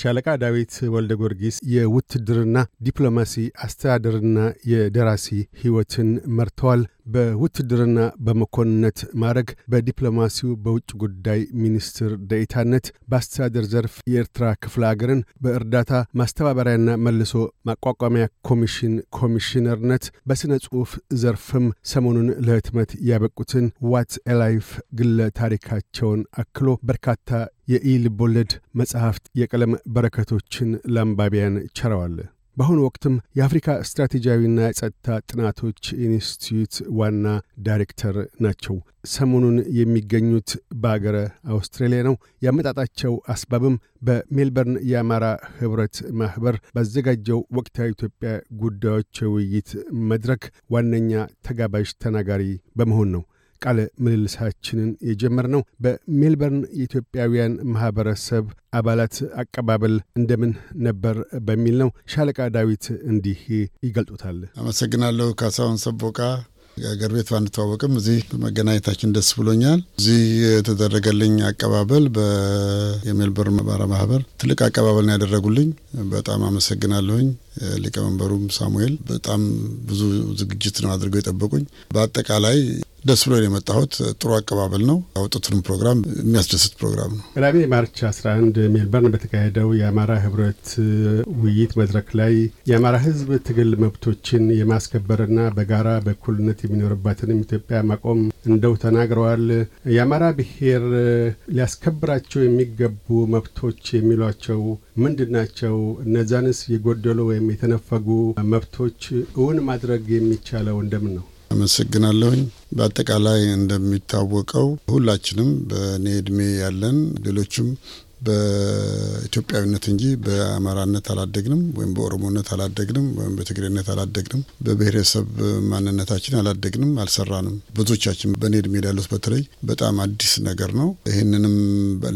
ሻለቃ ዳዊት ወልደ ጊዮርጊስ የውትድርና ዲፕሎማሲ አስተዳደርና የደራሲ ሕይወትን መርተዋል። በውትድርና በመኮንነት ማዕረግ፣ በዲፕሎማሲው በውጭ ጉዳይ ሚኒስትር ደኢታነት፣ በአስተዳደር ዘርፍ የኤርትራ ክፍለ አገርን በእርዳታ ማስተባበሪያና መልሶ ማቋቋሚያ ኮሚሽን ኮሚሽነርነት፣ በሥነ ጽሑፍ ዘርፍም ሰሞኑን ለህትመት ያበቁትን ዋት ኤላይፍ ግለ ታሪካቸውን አክሎ በርካታ የኢልቦለድ መጽሐፍት የቀለም በረከቶችን ለአንባቢያን ቸረዋል። በአሁኑ ወቅትም የአፍሪካ ስትራቴጂያዊና የጸጥታ ጥናቶች ኢንስቲትዩት ዋና ዳይሬክተር ናቸው። ሰሞኑን የሚገኙት በአገረ አውስትራሊያ ነው። ያመጣጣቸው አስባብም በሜልበርን የአማራ ህብረት ማኅበር ባዘጋጀው ወቅታዊ ኢትዮጵያ ጉዳዮች የውይይት መድረክ ዋነኛ ተጋባዥ ተናጋሪ በመሆን ነው። ቃለ ምልልሳችንን የጀመርነው በሜልበርን የኢትዮጵያውያን ማኅበረሰብ አባላት አቀባበል እንደምን ነበር በሚል ነው። ሻለቃ ዳዊት እንዲህ ይገልጡታል። አመሰግናለሁ ካሳሁን ሰቦቃ። የአገር ቤት ባንተዋወቅም እዚህ በመገናኘታችን ደስ ብሎኛል። እዚህ የተደረገልኝ አቀባበል የሜልበርን ባራ ማህበር ትልቅ አቀባበል ነው ያደረጉልኝ። በጣም አመሰግናለሁኝ። ሊቀመንበሩም ሳሙኤል በጣም ብዙ ዝግጅት ነው አድርገው የጠበቁኝ። በአጠቃላይ ደስ ብሎ የመጣሁት ጥሩ አቀባበል ነው። ያወጡትንም ፕሮግራም የሚያስደስት ፕሮግራም ነው። ቅዳሜ ማርች 11 ሜልበርን በተካሄደው የአማራ ህብረት ውይይት መድረክ ላይ የአማራ ህዝብ ትግል መብቶችን የማስከበርና በጋራ በእኩልነት የሚኖርባትንም ኢትዮጵያ ማቆም እንደው ተናግረዋል። የአማራ ብሔር ሊያስከብራቸው የሚገቡ መብቶች የሚሏቸው ምንድን ናቸው? እነዛንስ የጎደሉ ወይም የተነፈጉ መብቶች እውን ማድረግ የሚቻለው እንደምን ነው? አመሰግናለሁኝ። በአጠቃላይ እንደሚታወቀው ሁላችንም በእኔ እድሜ ያለን ሌሎችም በኢትዮጵያዊነት እንጂ በአማራነት አላደግንም ወይም በኦሮሞነት አላደግንም ወይም በትግሬነት አላደግንም። በብሔረሰብ ማንነታችን አላደግንም፣ አልሰራንም። ብዙዎቻችን በእኔ እድሜ ያሉት በተለይ በጣም አዲስ ነገር ነው። ይህንንም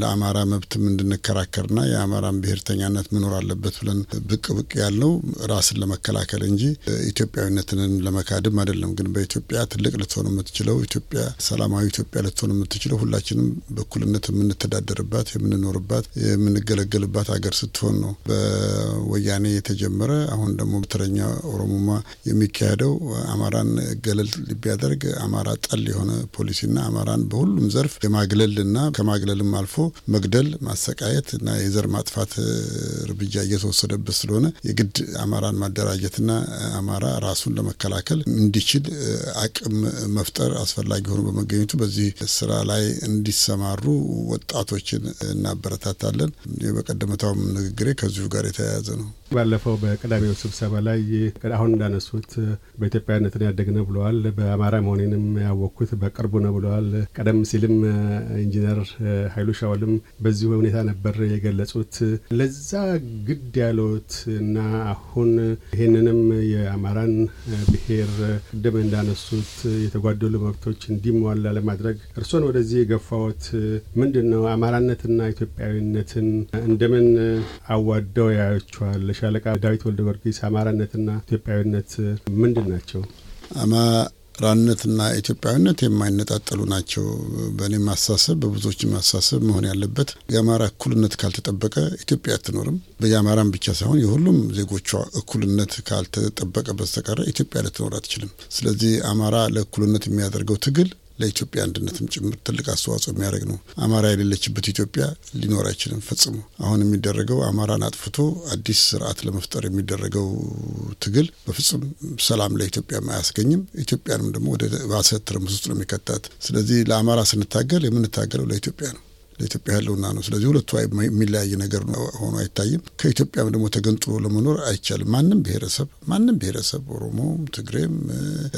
ለአማራ መብትም እንድንከራከርና የአማራን ብሔርተኛነት መኖር አለበት ብለን ብቅ ብቅ ያለው ራስን ለመከላከል እንጂ ኢትዮጵያዊነትንን ለመካድም አይደለም። ግን በኢትዮጵያ ትልቅ ልትሆን የምትችለው ኢትዮጵያ፣ ሰላማዊ ኢትዮጵያ ልትሆን የምትችለው ሁላችንም በእኩልነት የምንተዳደርባት የምንኖርባት የምንሰራባት የምንገለገልባት ሀገር ስትሆን ነው በወያኔ የተጀመረ አሁን ደግሞ በተረኛ ኦሮሞማ የሚካሄደው አማራን ገለል ቢያደርግ አማራ ጠል የሆነ ፖሊሲና አማራን በሁሉም ዘርፍ የማግለል እና ከማግለልም አልፎ መግደል፣ ማሰቃየት እና የዘር ማጥፋት እርምጃ እየተወሰደበት ስለሆነ የግድ አማራን ማደራጀትና አማራ ራሱን ለመከላከል እንዲችል አቅም መፍጠር አስፈላጊ ሆኖ በመገኘቱ በዚህ ስራ ላይ እንዲሰማሩ ወጣቶችን እናበረታል። እናበረታታለን። በቀደመታውም ንግግሬ ከዚሁ ጋር የተያያዘ ነው። ባለፈው በቀዳሚው ስብሰባ ላይ አሁን እንዳነሱት በኢትዮጵያነትን ያደግነ ብለዋል። በአማራ መሆኔንም ያወቅኩት በቅርቡ ነው ብለዋል። ቀደም ሲልም ኢንጂነር ኃይሉ ሻውልም በዚሁ ሁኔታ ነበር የገለጹት። ለዛ ግድ ያሉት እና አሁን ይህንንም የአማራን ብሔር ቅድም እንዳነሱት የተጓደሉ መብቶች እንዲሟላ ለማድረግ እርስዎን ወደዚህ የገፋዎት ምንድን ነው? አማራነትና ኢትዮጵያዊ ኢትዮጵያዊነትን እንደምን አዋደው ያዩቸዋል? ሻለቃ ዳዊት ወልደ ጊዮርጊስ አማራነትና ኢትዮጵያዊነት ምንድን ናቸው? አማራነትና ኢትዮጵያዊነት የማይነጣጠሉ ናቸው። በእኔ ማሳሰብ፣ በብዙዎች ማሳሰብ መሆን ያለበት የአማራ እኩልነት ካልተጠበቀ ኢትዮጵያ አትኖርም። የአማራም ብቻ ሳይሆን የሁሉም ዜጎቿ እኩልነት ካልተጠበቀ በስተቀረ ኢትዮጵያ ልትኖር አትችልም። ስለዚህ አማራ ለእኩልነት የሚያደርገው ትግል ለኢትዮጵያ አንድነትም ጭምር ትልቅ አስተዋጽኦ የሚያደርግ ነው። አማራ የሌለችበት ኢትዮጵያ ሊኖር አይችልም ፈጽሞ። አሁን የሚደረገው አማራን አጥፍቶ አዲስ ስርዓት ለመፍጠር የሚደረገው ትግል በፍጹም ሰላም ለኢትዮጵያ አያስገኝም። ኢትዮጵያንም ደግሞ ወደ ባሰ ትርምስ ውስጥ ነው የሚከታት። ስለዚህ ለአማራ ስንታገል የምንታገለው ለኢትዮጵያ ነው። ለኢትዮጵያ ህልውና ነው። ስለዚህ ሁለቱ የሚለያይ ነገር ሆኖ አይታይም። ከኢትዮጵያም ደግሞ ተገንጥሎ ለመኖር አይቻልም። ማንም ብሔረሰብ ማንም ብሔረሰብ ኦሮሞም፣ ትግሬም፣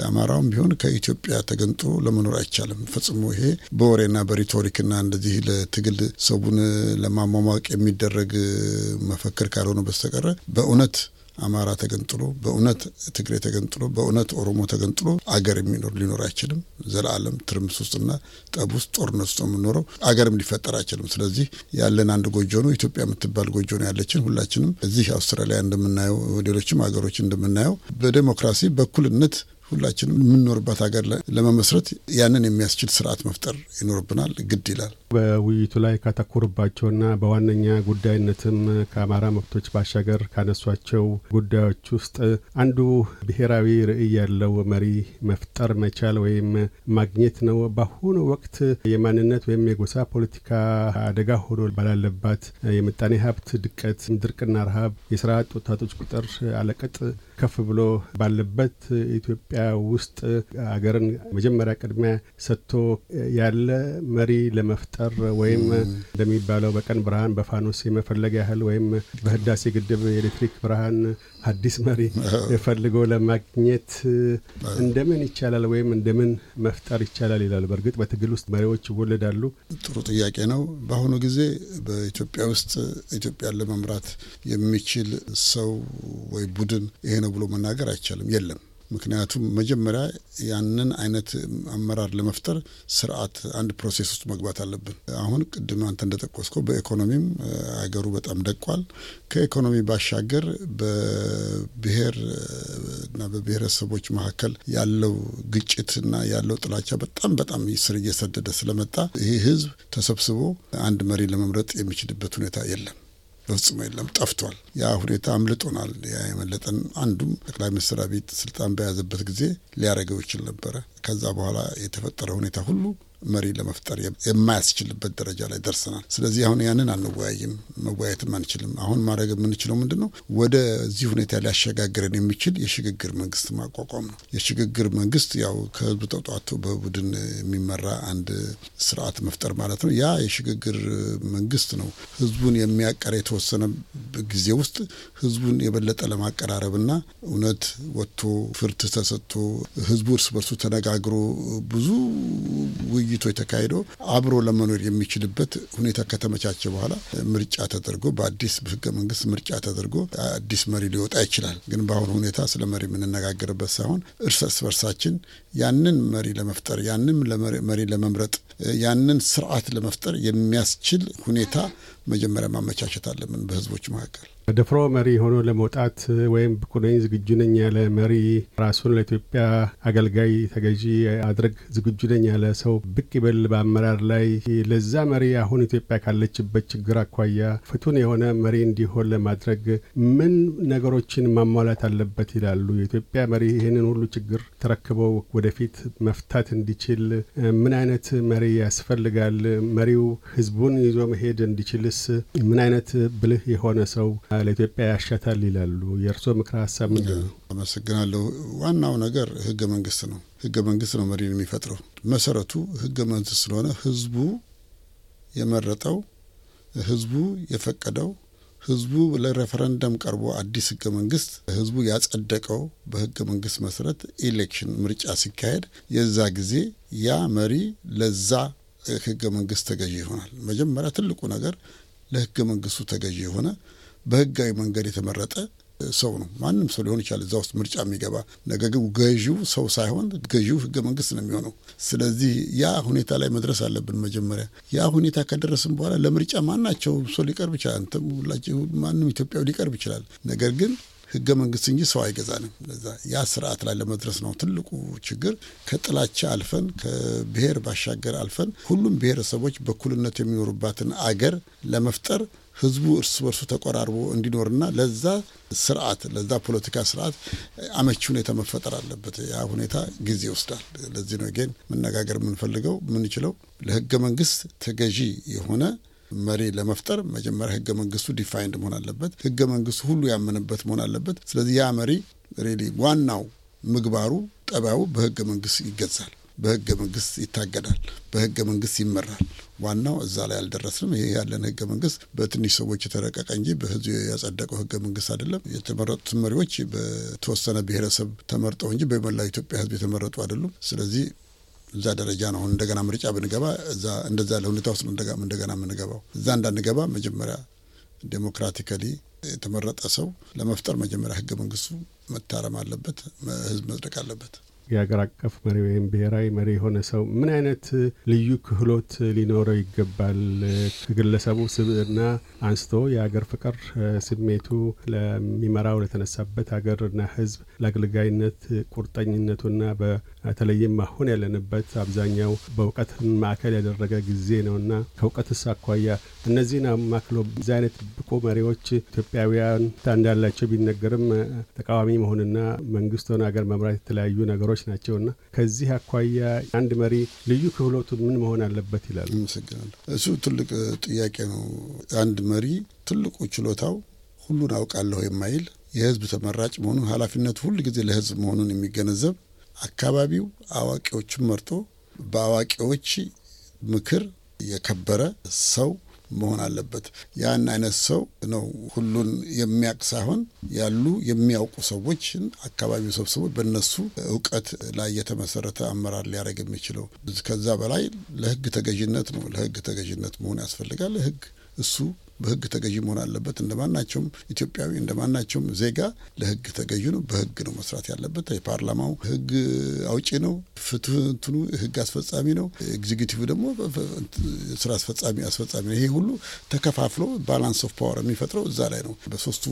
አማራውም ቢሆን ከኢትዮጵያ ተገንጥሎ ለመኖር አይቻልም ፈጽሞ። ይሄ በወሬና በሪቶሪክና እንደዚህ ለትግል ሰቡን ለማሟሟቅ የሚደረግ መፈክር ካልሆነ በስተቀረ በእውነት አማራ ተገንጥሎ በእውነት ትግሬ ተገንጥሎ በእውነት ኦሮሞ ተገንጥሎ አገር የሚኖር ሊኖር አይችልም። ዘላለም ትርምስ ውስጥና ጠብ ውስጥ ጦርነት ውስጥ የምኖረው አገርም ሊፈጠር አይችልም። ስለዚህ ያለን አንድ ጎጆ ነው። ኢትዮጵያ የምትባል ጎጆ ነው ያለችን። ሁላችንም እዚህ አውስትራሊያ እንደምናየው፣ ሌሎችም ሀገሮች እንደምናየው በዴሞክራሲ በኩልነት ሁላችንም የምንኖርባት ሀገር ለመመስረት ያንን የሚያስችል ስርዓት መፍጠር ይኖርብናል፣ ግድ ይላል። በውይይቱ ላይ ካተኮርባቸውና በዋነኛ ጉዳይነትም ከአማራ መብቶች ባሻገር ካነሷቸው ጉዳዮች ውስጥ አንዱ ብሔራዊ ርዕይ ያለው መሪ መፍጠር መቻል ወይም ማግኘት ነው። በአሁኑ ወቅት የማንነት ወይም የጎሳ ፖለቲካ አደጋ ሆኖ ባላለባት የምጣኔ ሀብት ድቀት፣ ድርቅና ረሃብ፣ የስራ አጥ ወጣቶች ቁጥር አለቀጥ ከፍ ብሎ ባለበት ኢትዮጵያ ውስጥ አገርን መጀመሪያ ቅድሚያ ሰጥቶ ያለ መሪ ለመፍጠር ወይም እንደሚባለው በቀን ብርሃን በፋኖስ የመፈለግ ያህል ወይም በህዳሴ ግድብ የኤሌክትሪክ ብርሃን አዲስ መሪ የፈልገው ለማግኘት እንደምን ይቻላል ወይም እንደምን መፍጠር ይቻላል ይላሉ። በእርግጥ በትግል ውስጥ መሪዎች ይወለዳሉ። ጥሩ ጥያቄ ነው። በአሁኑ ጊዜ በኢትዮጵያ ውስጥ ኢትዮጵያን ለመምራት የሚችል ሰው ወይ ቡድን ይሄ ነው ነው ብሎ መናገር አይቻልም። የለም። ምክንያቱም መጀመሪያ ያንን አይነት አመራር ለመፍጠር ስርዓት፣ አንድ ፕሮሴስ ውስጥ መግባት አለብን። አሁን ቅድም አንተ እንደጠቆስከው በኢኮኖሚም አገሩ በጣም ደቋል። ከኢኮኖሚ ባሻገር በብሔር እና በብሔረሰቦች መካከል ያለው ግጭት እና ያለው ጥላቻ በጣም በጣም ስር እየሰደደ ስለመጣ ይህ ህዝብ ተሰብስቦ አንድ መሪ ለመምረጥ የሚችልበት ሁኔታ የለም። ፈጽሞ የለም፣ ጠፍቷል። ያ ሁኔታ አምልጦናል። ያ የመለጠን አንዱም ጠቅላይ ሚኒስትር አብይ ስልጣን በያዘበት ጊዜ ሊያደርገው ይችል ነበረ። ከዛ በኋላ የተፈጠረ ሁኔታ ሁሉ መሪ ለመፍጠር የማያስችልበት ደረጃ ላይ ደርሰናል። ስለዚህ አሁን ያንን አንወያይም፣ መወያየትም አንችልም። አሁን ማድረግ የምንችለው ምንድን ነው? ወደዚህ ሁኔታ ሊያሸጋግረን የሚችል የሽግግር መንግስት ማቋቋም ነው። የሽግግር መንግስት ያው ከህዝብ ተውጣቶ በቡድን የሚመራ አንድ ስርዓት መፍጠር ማለት ነው። ያ የሽግግር መንግስት ነው ህዝቡን የሚያቀር የተወሰነ ጊዜ ውስጥ ህዝቡን የበለጠ ለማቀራረብና እውነት ወጥቶ ፍርድ ተሰጥቶ ህዝቡ እርስ በርሱ ተነጋግሮ ብዙ ውይይቶች ተካሂዶ አብሮ ለመኖር የሚችልበት ሁኔታ ከተመቻቸ በኋላ ምርጫ ተደርጎ በአዲስ ህገ መንግስት ምርጫ ተደርጎ አዲስ መሪ ሊወጣ ይችላል። ግን በአሁኑ ሁኔታ ስለ መሪ የምንነጋገርበት ሳይሆን እርስ በርሳችን ያንን መሪ ለመፍጠር ያንን መሪ ለመምረጥ ያንን ስርዓት ለመፍጠር የሚያስችል ሁኔታ መጀመሪያ ማመቻቸት አለብን በህዝቦች መካከል። ደፍሮ መሪ ሆኖ ለመውጣት ወይም ብቁ ነኝ ዝግጁ ነኝ ያለ መሪ ራሱን ለኢትዮጵያ አገልጋይ ተገዢ አድረግ ዝግጁ ነኝ ያለ ሰው ብቅ ይበል በአመራር ላይ ለዛ መሪ አሁን ኢትዮጵያ ካለችበት ችግር አኳያ ፍቱን የሆነ መሪ እንዲሆን ለማድረግ ምን ነገሮችን ማሟላት አለበት ይላሉ? የኢትዮጵያ መሪ ይህንን ሁሉ ችግር ተረክበው ወደ ወደፊት መፍታት እንዲችል ምን አይነት መሪ ያስፈልጋል? መሪው ህዝቡን ይዞ መሄድ እንዲችልስ ምን አይነት ብልህ የሆነ ሰው ለኢትዮጵያ ያሻታል ይላሉ? የእርስዎ ምክረ ሀሳብ ምንድን ነው? አመሰግናለሁ። ዋናው ነገር ህገ መንግስት ነው። ህገ መንግስት ነው መሪን የሚፈጥረው። መሰረቱ ህገ መንግስት ስለሆነ ህዝቡ የመረጠው ህዝቡ የፈቀደው ህዝቡ ለሬፈረንደም ቀርቦ አዲስ ህገ መንግስት ህዝቡ ያጸደቀው በህገ መንግስት መሰረት ኤሌክሽን ምርጫ ሲካሄድ የዛ ጊዜ ያ መሪ ለዛ ህገ መንግስት ተገዢ ይሆናል። መጀመሪያ ትልቁ ነገር ለህገ መንግስቱ ተገዢ የሆነ በህጋዊ መንገድ የተመረጠ ሰው ነው። ማንም ሰው ሊሆን ይችላል እዛ ውስጥ ምርጫ የሚገባ ነገር ግን ገዢው ሰው ሳይሆን ገዢው ህገ መንግስት ነው የሚሆነው። ስለዚህ ያ ሁኔታ ላይ መድረስ አለብን መጀመሪያ። ያ ሁኔታ ከደረስም በኋላ ለምርጫ ማናቸው ሰው ሊቀርብ ይችላል። አንተም፣ ሁላችሁ፣ ማንም ኢትዮጵያዊ ሊቀርብ ይችላል። ነገር ግን ህገ መንግስት እንጂ ሰው አይገዛንም። ለዛ ያ ስርዓት ላይ ለመድረስ ነው ትልቁ ችግር። ከጥላቻ አልፈን ከብሔር ባሻገር አልፈን ሁሉም ብሔረሰቦች በኩልነት የሚኖሩባትን አገር ለመፍጠር ህዝቡ እርስ በርሱ ተቆራርቦ እንዲኖርና ለዛ ስርዓት ለዛ ፖለቲካ ስርዓት አመቺ ሁኔታ መፈጠር አለበት። ያ ሁኔታ ጊዜ ይወስዳል። ለዚህ ነው ጌን መነጋገር የምንፈልገው የምንችለው ለህገ መንግስት ተገዢ የሆነ መሪ ለመፍጠር መጀመሪያ ህገ መንግስቱ ዲፋይንድ መሆን አለበት። ህገ መንግስቱ ሁሉ ያመነበት መሆን አለበት። ስለዚህ ያ መሪ ሬሊ ዋናው ምግባሩ፣ ጠባዩ በህገ መንግስት ይገዛል። በህገ መንግስት ይታገዳል፣ በህገ መንግስት ይመራል። ዋናው እዛ ላይ አልደረስንም። ይህ ያለን ህገ መንግስት በትንሽ ሰዎች የተረቀቀ እንጂ በህዝብ ያጸደቀው ህገ መንግስት አይደለም። የተመረጡት መሪዎች በተወሰነ ብሔረሰብ ተመርጠው እንጂ በመላው ኢትዮጵያ ህዝብ የተመረጡ አይደሉም። ስለዚህ እዛ ደረጃ ነው። እንደገና ምርጫ ብንገባ እዛ እንደዛ ለሁኔታ ውስጥ እንደገና የምንገባው እዛ እንዳንገባ መጀመሪያ ዴሞክራቲካሊ የተመረጠ ሰው ለመፍጠር መጀመሪያ ህገ መንግስቱ መታረም አለበት፣ ህዝብ መጽደቅ አለበት። የሀገር አቀፍ መሪ ወይም ብሔራዊ መሪ የሆነ ሰው ምን አይነት ልዩ ክህሎት ሊኖረው ይገባል? ከግለሰቡ ስብዕና አንስቶ የሀገር ፍቅር ስሜቱ ለሚመራው ለተነሳበት ሀገርና ሕዝብ ለአገልጋይነት ቁርጠኝነቱና በተለይም አሁን ያለንበት አብዛኛው በእውቀትን ማዕከል ያደረገ ጊዜ ነውና ከእውቀትስ አኳያ እነዚህን አማክሎ እዚህ አይነት ብቁ መሪዎች ኢትዮጵያውያን እንዳላቸው ቢነገርም ተቃዋሚ መሆንና መንግስት ሆነ ሀገር መምራት የተለያዩ ነገሮች ናቸውና ከዚህ አኳያ አንድ መሪ ልዩ ክህሎቱ ምን መሆን አለበት ይላል። አመሰግናለሁ። እሱ ትልቅ ጥያቄ ነው። አንድ መሪ ትልቁ ችሎታው ሁሉን አውቃለሁ የማይል የህዝብ ተመራጭ መሆኑን ኃላፊነቱ ሁል ጊዜ ለህዝብ መሆኑን የሚገነዘብ አካባቢው አዋቂዎችን መርጦ በአዋቂዎች ምክር የከበረ ሰው መሆን አለበት። ያን አይነት ሰው ነው ሁሉን የሚያውቅ ሳይሆን ያሉ የሚያውቁ ሰዎችን አካባቢው ሰብስቦ በነሱ እውቀት ላይ የተመሰረተ አመራር ሊያደርግ የሚችለው ከዛ በላይ ለህግ ተገዥነት ነው። ለህግ ተገዥነት መሆን ያስፈልጋል። ህግ እሱ በህግ ተገዥ መሆን አለበት። እንደማናቸውም ኢትዮጵያዊ እንደማናቸውም ዜጋ ለህግ ተገዥ ነው። በህግ ነው መስራት ያለበት። የፓርላማው ህግ አውጪ ነው። ፍትህ እንትኑ ህግ አስፈጻሚ ነው። ኤግዚኪቲቭ ደግሞ ስራ አስፈጻሚ አስፈጻሚ ነው። ይሄ ሁሉ ተከፋፍሎ ባላንስ ኦፍ ፓወር የሚፈጥረው እዛ ላይ ነው። በሶስቱ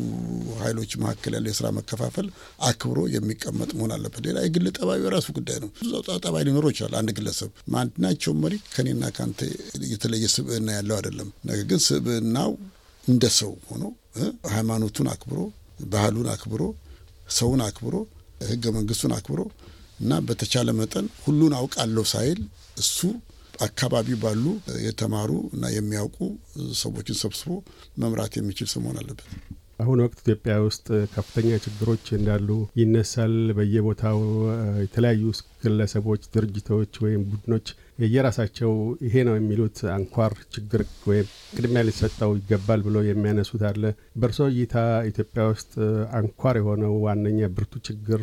ኃይሎች መካከል ያለው የስራ መከፋፈል አክብሮ የሚቀመጥ መሆን አለበት። ሌላ የግል ጠባዩ የራሱ ጉዳይ ነው። ብዙ ጠባይ ሊኖረው ይችላል። አንድ ግለሰብ ማናቸውም መሪ ከኔና ከአንተ የተለየ ስብዕና ያለው አይደለም። ነገር ግን ስብዕናው እንደ ሰው ሆኖ ሃይማኖቱን አክብሮ ባህሉን አክብሮ ሰውን አክብሮ ህገ መንግስቱን አክብሮ እና በተቻለ መጠን ሁሉን አውቃለሁ ሳይል እሱ አካባቢ ባሉ የተማሩ እና የሚያውቁ ሰዎችን ሰብስቦ መምራት የሚችል ሰው መሆን አለበት። በአሁኑ ወቅት ኢትዮጵያ ውስጥ ከፍተኛ ችግሮች እንዳሉ ይነሳል። በየቦታው የተለያዩ ግለሰቦች፣ ድርጅቶች ወይም ቡድኖች የየራሳቸው ይሄ ነው የሚሉት አንኳር ችግር ወይም ቅድሚያ ሊሰጠው ይገባል ብሎ የሚያነሱት አለ። በእርሶ እይታ ኢትዮጵያ ውስጥ አንኳር የሆነው ዋነኛ ብርቱ ችግር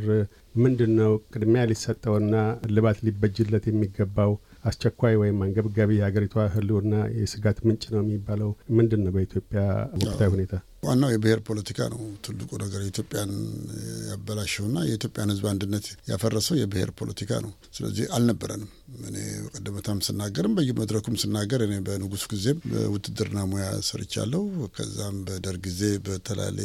ምንድን ነው? ቅድሚያ ሊሰጠውና ልባት ሊበጅለት የሚገባው አስቸኳይ ወይም አንገብጋቢ የሀገሪቷ ህልውና የስጋት ምንጭ ነው የሚባለው ምንድን ነው? በኢትዮጵያ ወቅታዊ ሁኔታ ዋናው የብሔር ፖለቲካ ነው። ትልቁ ነገር ኢትዮጵያን ያበላሸውና የኢትዮጵያን ህዝብ አንድነት ያፈረሰው የብሔር ፖለቲካ ነው። ስለዚህ አልነበረንም። እኔ ቀደም ስናገርም በየመድረኩም ስናገር እኔ በንጉሱ ጊዜም ውትድርና ሙያ ሰርቻለሁ። ከዛም በደርግ ጊዜ በተላሌ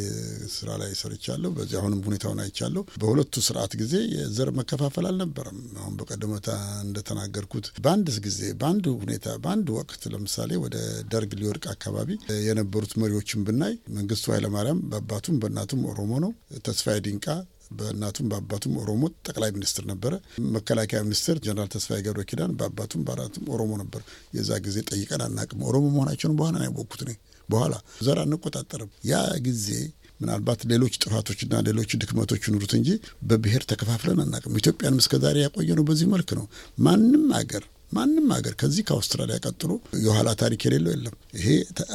ስራ ላይ ሰርቻለሁ። በዚህ አሁንም ሁኔታውን አይቻለሁ። በሁለቱ ስርዓት ጊዜ የዘር መከፋፈል አልነበረም። አሁን በቀደመታ እንደተናገርኩት በአንድ ጊዜ በአንድ ሁኔታ በአንድ ወቅት ለምሳሌ ወደ ደርግ ሊወድቅ አካባቢ የነበሩት መሪዎችን ብናይ መንግስቱ ኃይለማርያም በአባቱም በእናቱም ኦሮሞ ነው። ተስፋዬ ዲንቃ በእናቱም በአባቱም ኦሮሞ ጠቅላይ ሚኒስትር ነበረ። መከላከያ ሚኒስትር ጀነራል ተስፋዬ ገብረ ኪዳን በአባቱም በአራቱም ኦሮሞ ነበር። የዛ ጊዜ ጠይቀን አናቅም። ኦሮሞ መሆናቸውን በኋላ ነው ያወቅኩት እኔ። በኋላ ዘር አንቆጣጠርም። ያ ጊዜ ምናልባት ሌሎች ጥፋቶችና ሌሎች ድክመቶች ይኑሩት እንጂ በብሔር ተከፋፍለን አናቅም። ኢትዮጵያንም እስከዛሬ ያቆየነው በዚህ መልክ ነው። ማንም አገር ማንም ሀገር ከዚህ ከአውስትራሊያ ቀጥሎ የኋላ ታሪክ የሌለው የለም። ይሄ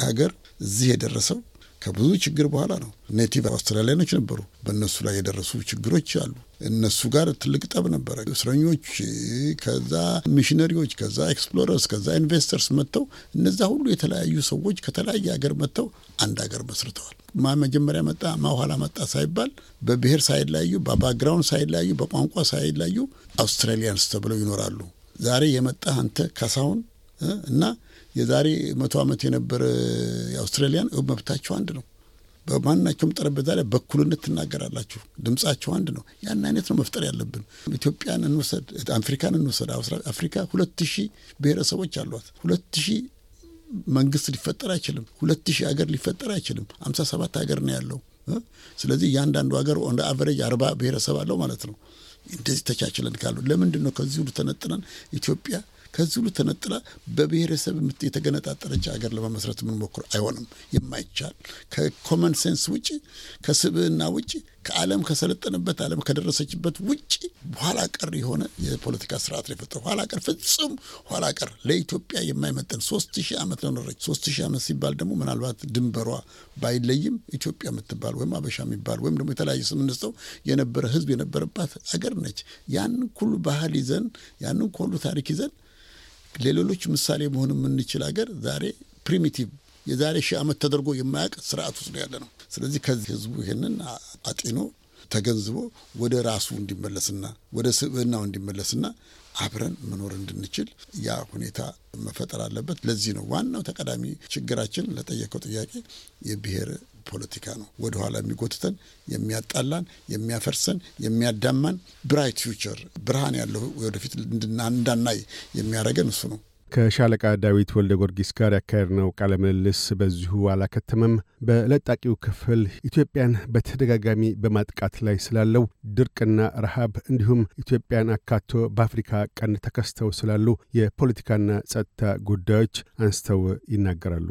ሀገር እዚህ የደረሰው ከብዙ ችግር በኋላ ነው። ኔቲቭ አውስትራሊያኖች ነበሩ። በእነሱ ላይ የደረሱ ችግሮች አሉ። እነሱ ጋር ትልቅ ጠብ ነበረ። እስረኞች፣ ከዛ ሚሽነሪዎች፣ ከዛ ኤክስፕሎረርስ፣ ከዛ ኢንቨስተርስ መጥተው እነዛ ሁሉ የተለያዩ ሰዎች ከተለያየ ሀገር መጥተው አንድ ሀገር መስርተዋል። ማ መጀመሪያ መጣ ማ ኋላ መጣ ሳይባል በብሔር ሳይለያዩ፣ በባክግራውንድ ሳይለያዩ፣ በቋንቋ ሳይለያዩ አውስትራሊያንስ ተብለው ይኖራሉ። ዛሬ የመጣ አንተ ካሳሁን እና የዛሬ መቶ ዓመት የነበረ የአውስትራሊያን መብታቸው አንድ ነው። በማናቸውም ጠረጴዛ ላይ በኩልነት ትናገራላችሁ። ድምጻችሁ አንድ ነው። ያን አይነት ነው መፍጠር ያለብን። ኢትዮጵያን እንውሰድ፣ አፍሪካን እንውሰድ። አፍሪካ ሁለት ሺህ ብሔረሰቦች አሏት። ሁለት ሺህ መንግስት ሊፈጠር አይችልም። ሁለት ሺህ ሀገር ሊፈጠር አይችልም። አምሳ ሰባት ሀገር ነው ያለው። ስለዚህ እያንዳንዱ ሀገር እንደ አቨሬጅ አርባ ብሔረሰብ አለው ማለት ነው። እንደዚህ ተቻችለን ካሉ ለምንድን ነው ከዚህ ሁሉ ተነጥነን ኢትዮጵያ ከዚህ ሁሉ ተነጥላ በብሔረሰብ የተገነጣጠረች ሀገር ለመመስረት የምንሞክር አይሆንም፣ የማይቻል ከኮመን ሴንስ ውጭ ከስብህና ውጭ ከዓለም ከሰለጠንበት ዓለም ከደረሰችበት ውጭ ኋላ ቀር የሆነ የፖለቲካ ስርዓት ነው የፈጠረው። ኋላ ቀር ፍጹም ኋላ ቀር ለኢትዮጵያ የማይመጠን ሶስት ሺህ ዓመት ነው ኖረች። ሶስት ሺህ ዓመት ሲባል ደግሞ ምናልባት ድንበሯ ባይለይም ኢትዮጵያ የምትባል ወይም አበሻ የሚባል ወይም ደግሞ የተለያየ ስም እንስጠው የነበረ ህዝብ የነበረባት አገር ነች። ያንን ሁሉ ባህል ይዘን ያንን ሁሉ ታሪክ ይዘን ለሌሎች ምሳሌ መሆን የምንችል ሀገር ዛሬ ፕሪሚቲቭ የዛሬ ሺህ ዓመት ተደርጎ የማያውቅ ስርዓት ውስጥ ያለ ነው። ስለዚህ ከዚህ ህዝቡ ይህንን አጢኖ ተገንዝቦ ወደ ራሱ እንዲመለስና ወደ ስብዕናው እንዲመለስና አብረን መኖር እንድንችል ያ ሁኔታ መፈጠር አለበት። ለዚህ ነው ዋናው ተቀዳሚ ችግራችን ለጠየቀው ጥያቄ የብሔር ፖለቲካ ነው ወደኋላ የሚጎትተን የሚያጣላን፣ የሚያፈርሰን፣ የሚያዳማን ብራይት ፊውቸር ብርሃን ያለው ወደፊት እንዳናይ የሚያደርገን እሱ ነው። ከሻለቃ ዳዊት ወልደ ጎርጊስ ጋር ያካሄድነው ቃለ ምልልስ በዚሁ አላከተመም። በለጣቂው ክፍል ኢትዮጵያን በተደጋጋሚ በማጥቃት ላይ ስላለው ድርቅና ረሃብ እንዲሁም ኢትዮጵያን አካቶ በአፍሪካ ቀንድ ተከስተው ስላሉ የፖለቲካና ጸጥታ ጉዳዮች አንስተው ይናገራሉ።